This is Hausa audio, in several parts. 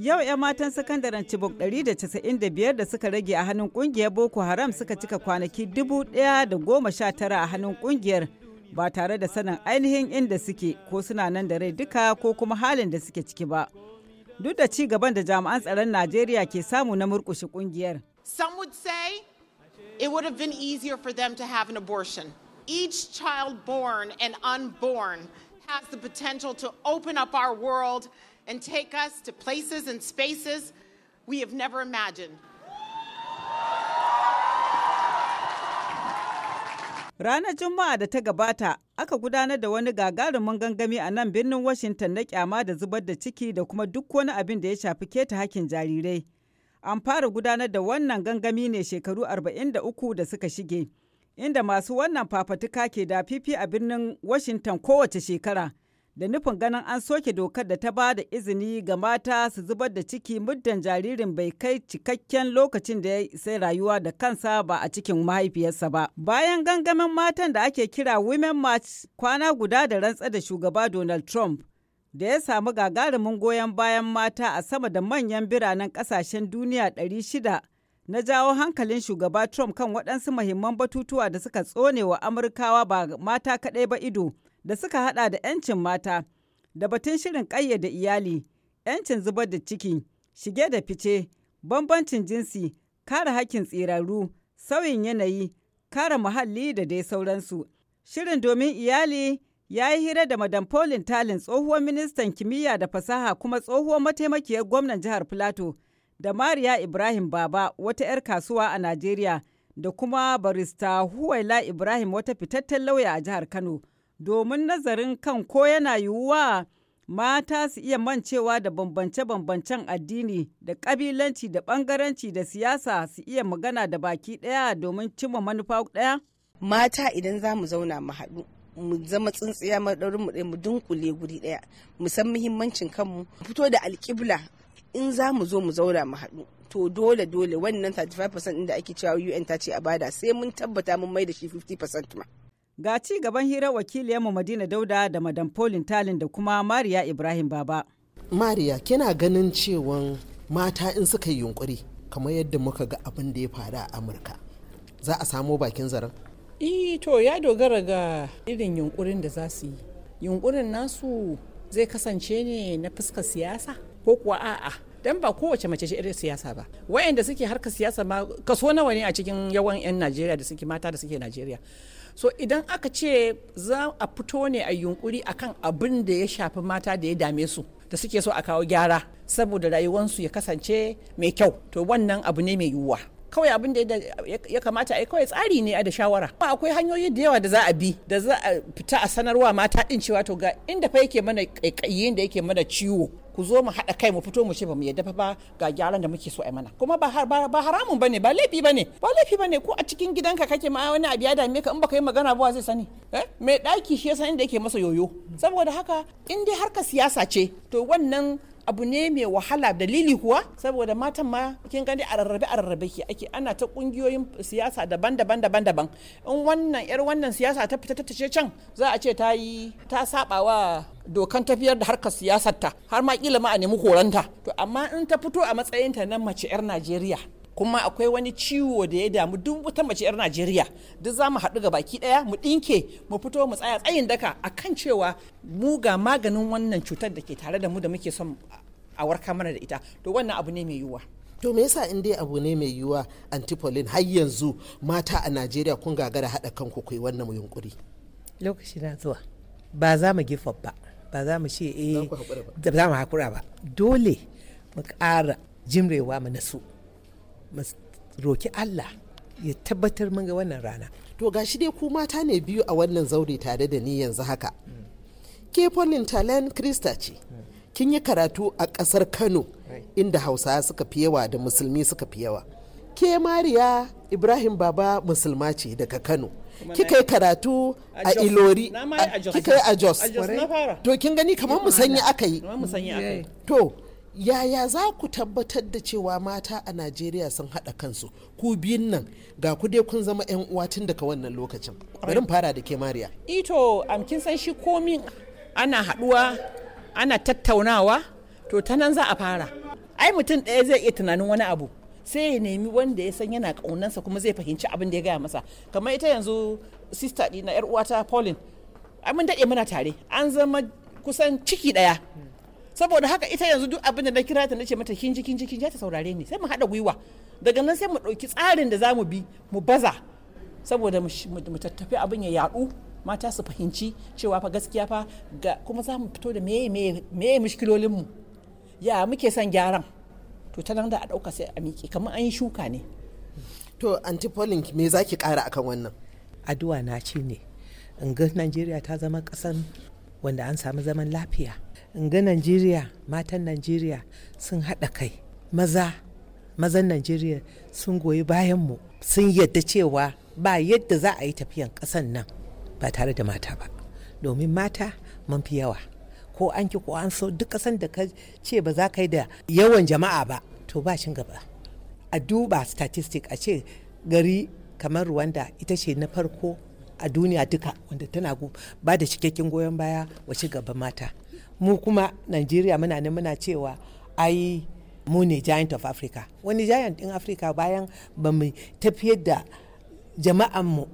Yau 'yan matan sakandaren Chibok 195 da suka rage a hannun kungiyar Boko Haram suka cika kwanaki 1,019 a hannun kungiyar ba tare da sanin ainihin inda suke ko suna nan da rai duka ko kuma halin da suke ciki ba. Duk da ci gaban da jami'an tsaron Najeriya ke samu na murkushe kungiyar. Some would say it would have been easier for them to have an abortion. Each child born and unborn has the potential to open up our world and take us to places and spaces we have never imagined. Ranar Juma'a da ta gabata aka gudanar da wani gagarumin gangami a nan birnin Washington na kyama da zubar da ciki da kuma duk wani abin da ya shafi keta hakkin jarirai. An fara gudanar da wannan gangami ne shekaru 43 da suka shige, inda masu wannan fafatuka ke da fifi a birnin Washington kowace shekara. da nufin ganin an soke dokar da ta ba da izini ga mata su zubar da ciki muddan jaririn bai kai cikakken lokacin da ya isa rayuwa da kansa ba a cikin mahaifiyarsa ba. Bayan gangamin matan da ake kira Women March kwana guda da rantsa da shugaba Donald Trump da ya samu gagarumin goyon bayan mata a sama da manyan biranen kasashen duniya 600 na jawo hankalin shugaba Trump kan waɗansu mahimman batutuwa da suka tsone wa Amurkawa ba mata kaɗai ba ido. da suka hada da 'yancin mata da batun shirin ƙayyade iyali 'yancin zubar da ciki shige da fice bambancin jinsi kare hakkin tsirarru sauyin yanayi kare muhalli da dai sauransu shirin domin iyali ya yi hira da madam Pauline Talin tsohuwar ministan kimiyya da fasaha kuma tsohuwar mataimakiyar gwamnan jihar Filato da Mariya Ibrahim Baba wata 'yar kasuwa a Najeriya da kuma barista Huwaila Ibrahim wata fitattun lauya a jihar Kano domin nazarin kan ko yana yiwuwa mata su iya mancewa da bambance-bambancen addini da kabilanci da bangaranci da siyasa su iya magana da baki daya domin cimma manufa ɗaya? Mata idan za mu zauna mu haɗu mu zama tsintsiya maɗaurin mu mu dunkule guri daya mu san muhimmancin kanmu fito da alƙibla in za mu zo mu zauna mu haɗu to dole dole wannan 35% da ake cewa UN ta ce a bada sai mun tabbata mun mai da shi 50% ma. Ga ci gaban hirar wakiliyarmu Madina Dauda da Madam Paulin Talin da kuma Mariya Ibrahim Baba. Mariya, kina ganin cewan mata in suka yi yunkuri kamar yadda muka ga abin da ya faru a Amurka. Za a samo bakin zaren? e to ya dogara ga irin yunkurin da za su yi. Yunkurin nasu zai kasance ne na fuskar siyasa ko kuwa a'a dan ba kowace mace ce irin siyasa ba wayanda suke harka siyasa ma kaso nawa ne a cikin yawan 'yan najeriya da suke mata da suke najeriya so idan aka ce za a fito ne a yunkuri akan abin da ya shafi mata da ya dame su da suke so a kawo gyara saboda rayuwarsu ya kasance mai kyau to wannan abu ne mai yiwuwa kawai abin da ya kamata a yi kawai tsari ne a da shawara ba akwai hanyoyi da yawa da za a bi da za a fita a sanarwa mata din cewa to ga inda fa yake mana kaikayi da yake mana ciwo ku zo mu haɗa kai mu fito mu ce ba mu yadda ba ga gyaran da muke so a mana kuma ba haramun bane ba laifi bane ba laifi bane ko a cikin gidanka kake ma wani abu ya dame ka in baka yi magana ba zai sani eh? mai ɗaki shi ya san inda yake masa yoyo saboda haka in dai harka siyasa ce to wannan abu ne mai wahala dalili kuwa saboda matan ma kin gani a rarrabe a rarrabe ke ake ana ta kungiyoyin siyasa daban-daban daban-daban in wannan yar wannan siyasa ta fita ta tace can za a ce ta yi ta saba wa dokan tafiyar da harkar siyasar ta har ma kila ma a nemi koranta to amma in ta fito a matsayin ta na mace yar Najeriya kuma akwai wani ciwo da ya damu duk wata mace 'yar najeriya duk za mu haɗu ga baki ɗaya mu ɗinke mu fito mu tsaya tsayin daka akan cewa mu ga maganin wannan cutar da ke tare da mu da muke son a warkar mana da ita to wannan abu ne mai yiwuwa to me yasa in dai abu ne mai yiwuwa antipolin har yanzu mata a najeriya kun gagara haɗa kanku kai wannan yunkuri lokaci na zuwa ba za mu gifa ba ba za mu ce eh za mu hakura ba dole mu ƙara jimrewa mu na su mu roki allah ya tabbatar mun ga wannan rana to gashi dai ku mata ne biyu a wannan zaure tare da ni yanzu haka ke Pauline Talen Krista ce hmm. kin yi karatu a ƙasar kano inda hausa suka fi yawa da musulmi suka fi yawa ke mariya ibrahim baba musulma ce daga kano kika yi karatu a ilori kika yi a jos to kin gani kamar musanyi aka yi to yaya za ku tabbatar da cewa mata a najeriya sun haɗa kansu ku biyun nan ga ku dai kun zama 'yan uwa tun daga wannan lokacin bari fara da ke mariya ito am kin san shi komin ana haɗuwa ana tattaunawa to ta nan za a fara ai mutum ɗaya zai iya tunanin wani abu sai ya nemi wanda ya san yana ƙaunansa kuma zai fahimci abin da ya gaya masa kamar ita yanzu sista ɗina yar uwata paulin ai mun daɗe muna tare an zama kusan ciki ɗaya saboda haka ita yanzu duk abin da na kira ta nace mata kinji kinji kinji ta saurare ni sai mu haɗa gwiwa daga nan sai mu ɗauki tsarin da za mu bi mu baza saboda mu tattafi abin ya yaɗu mata su fahimci cewa fa gaskiya fa ga kuma za mu fito da meye meye ya muke son gyaran to ta nan da a dauka sai a miƙe kamar an yi shuka ne to anti polling me zaki kara akan wannan addu'a na ce ne in ga Najeriya ta zama kasan wanda an samu zaman lafiya in ga Najeriya matan Najeriya sun haɗa kai maza mazan Najeriya sun goyi bayan mu sun yadda cewa ba yadda za a yi tafiyan kasan nan ba tare da mata ba domin mata man fi yawa ko an ki ko an so duk kasan da ka ce ba za ka yi da yawan jama'a ba to ba shi gaba a duba statistic a ce gari kamar rwanda ita ce na farko a duniya duka wanda tana ba da cikakken goyon baya wa ci gaba mata mu kuma najeriya muna ne muna cewa ai mu ne giant of africa wani giant in africa bayan ba mu tafiyar da jama'an mu.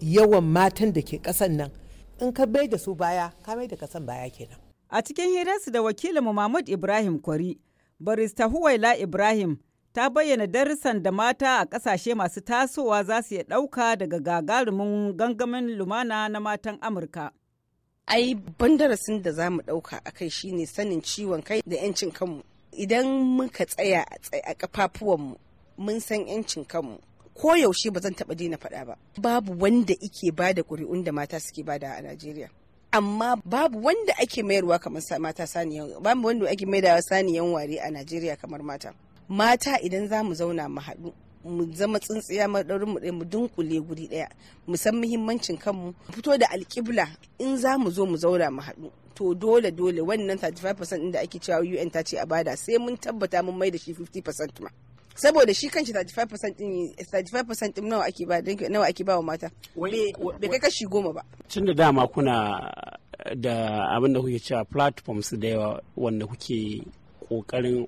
yawan matan da ke kasan nan in ka bai da su baya ka bai da kasan baya kenan a cikin hirarsu da wakilin Mahmud Ibrahim Kwari barista Huwaila Ibrahim ta bayyana darussan da mata a ƙasashe masu tasowa za su iya ɗauka daga gagarumin gangamin lumana na matan Amurka. Ai, ban darasin da za mu ɗauka a kai shine sanin ciwon kai da 'yancin kanmu. Idan muka tsaya a kafafuwanmu mun san 'yancin kanmu ko yaushe ba zan taɓa daina faɗa ba babu wanda ike ba da ƙuri'un da mata suke bada a najeriya amma babu wanda ake mayarwa kamar mata saniyan babu wanda ake mayarwa saniyan ware a najeriya kamar mata mata idan za mu zauna mu haɗu mu zama tsintsiya ɗaurin mu mu dunkule guri ɗaya mu san muhimmancin kanmu fito da alƙibla in za mu zo mu zauna mu haɗu to dole dole wannan 35% da ake cewa UN ta ce a bada sai mun tabbata mun mai da shi 50% ma saboda shi kanshi 35% din 35% din nawa ake ba nawa ake ba wa mata bai kai kashi goma ba tun da dama kuna da abin da kuke cewa platforms da yawa wanda kuke kokarin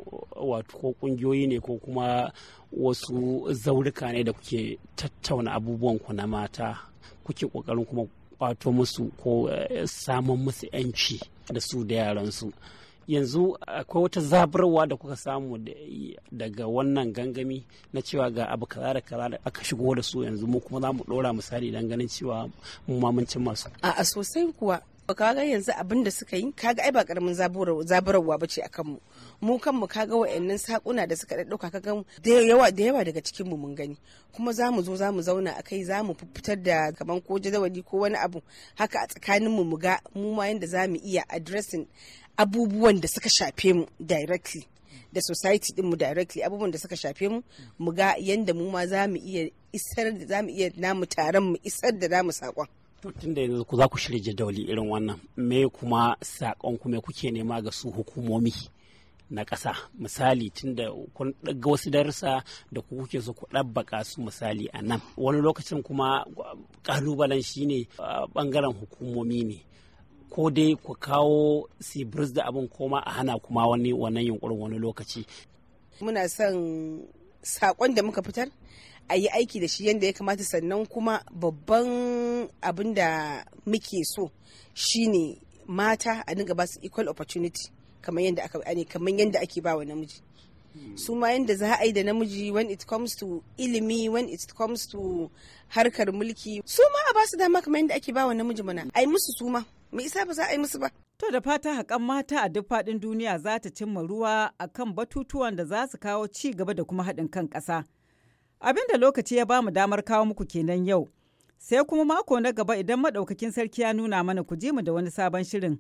wato ko kungiyoyi ne ko kuma wasu zaurika ne da kuke tattauna abubuwan ku na mata kuke kokarin kuma kwato musu ko eh, samun musu yanci da su da yaransu yanzu akwai wata zabarwa da kuka samu daga wannan gangami na cewa ga abu kaza da kaza da aka shigo da su yanzu mu kuma zamu mu misali dan ganin cewa mu mamancin masu. A'a sosai kuwa kaga yanzu abin da suka yi kaga ai ba karamin zaburarwa ba ce akan mu mu kanmu kaga wa'annan sakuna da suka ɗauka kaga da yawa da yawa daga cikin mu mun gani kuma za mu zo za mu zauna a kai za mu fitar da kaman ko jadawali ko wani abu haka a tsakanin mu mu ga mu ma yanda za mu iya addressing abubuwan da suka shafe mu directly da society mu directly abubuwan da suka shafe mu mu ga yanda mu ma za mu iya isar da za mu iya namu taron mu isar da namu sakon tun da yanzu za ku shirya jadawali irin wannan me kuma sakon kuma kuke nema ga su hukumomi na ƙasa misali tun da kun ɗaga wasu darussa da ku kuke so ku ɗabbaka su misali a nan wani lokacin kuma ƙalubalen shine ɓangaren hukumomi ne ko dai ku kawo sibiris da abin koma a hana kuma wani wannan yunkurin wani lokaci muna son saƙon da muka fitar a yi aiki da shi yadda ya kamata sannan kuma babban abin da muke so shine mata a dinga ba su equal opportunity kamar yadda aka kamar yadda ake ba wa namiji su ma yadda za a yi da namiji when it comes to ilimi when it comes to harkar mulki su ma a ba su dama kamar yadda ake ba wa namiji mana ai musu su ma mai isa ba za a yi musu ba to da fata haƙan mata a duk faɗin duniya za ta cimma ruwa a kan batutuwan da za su kawo ci gaba da kuma haɗin kan ƙasa abin da lokaci ya ba mu damar kawo muku kenan yau sai kuma mako na gaba idan maɗaukakin sarki ya nuna mana ku je mu da wani sabon shirin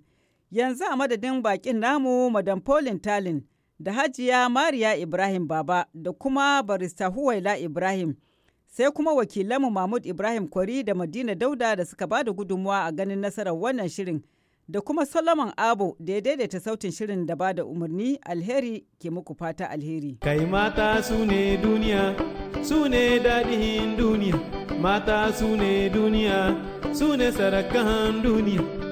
Yanzu a madadin bakin namu Madam Paulin Talin da Hajiya Mariya Ibrahim Baba da kuma Barista Huwaila Ibrahim sai kuma wakilanmu Mahmud Ibrahim Kwari da Madina Dauda da suka ba da gudunmuwa a ganin nasarar wannan shirin da kuma Solomon abu da ya daidaita sautin shirin da ba da umarni alheri ke muku fata alheri. Kai mata su ne duniya, su ne daɗin duniya, mata su ne duniya, su ne sarakan duniya.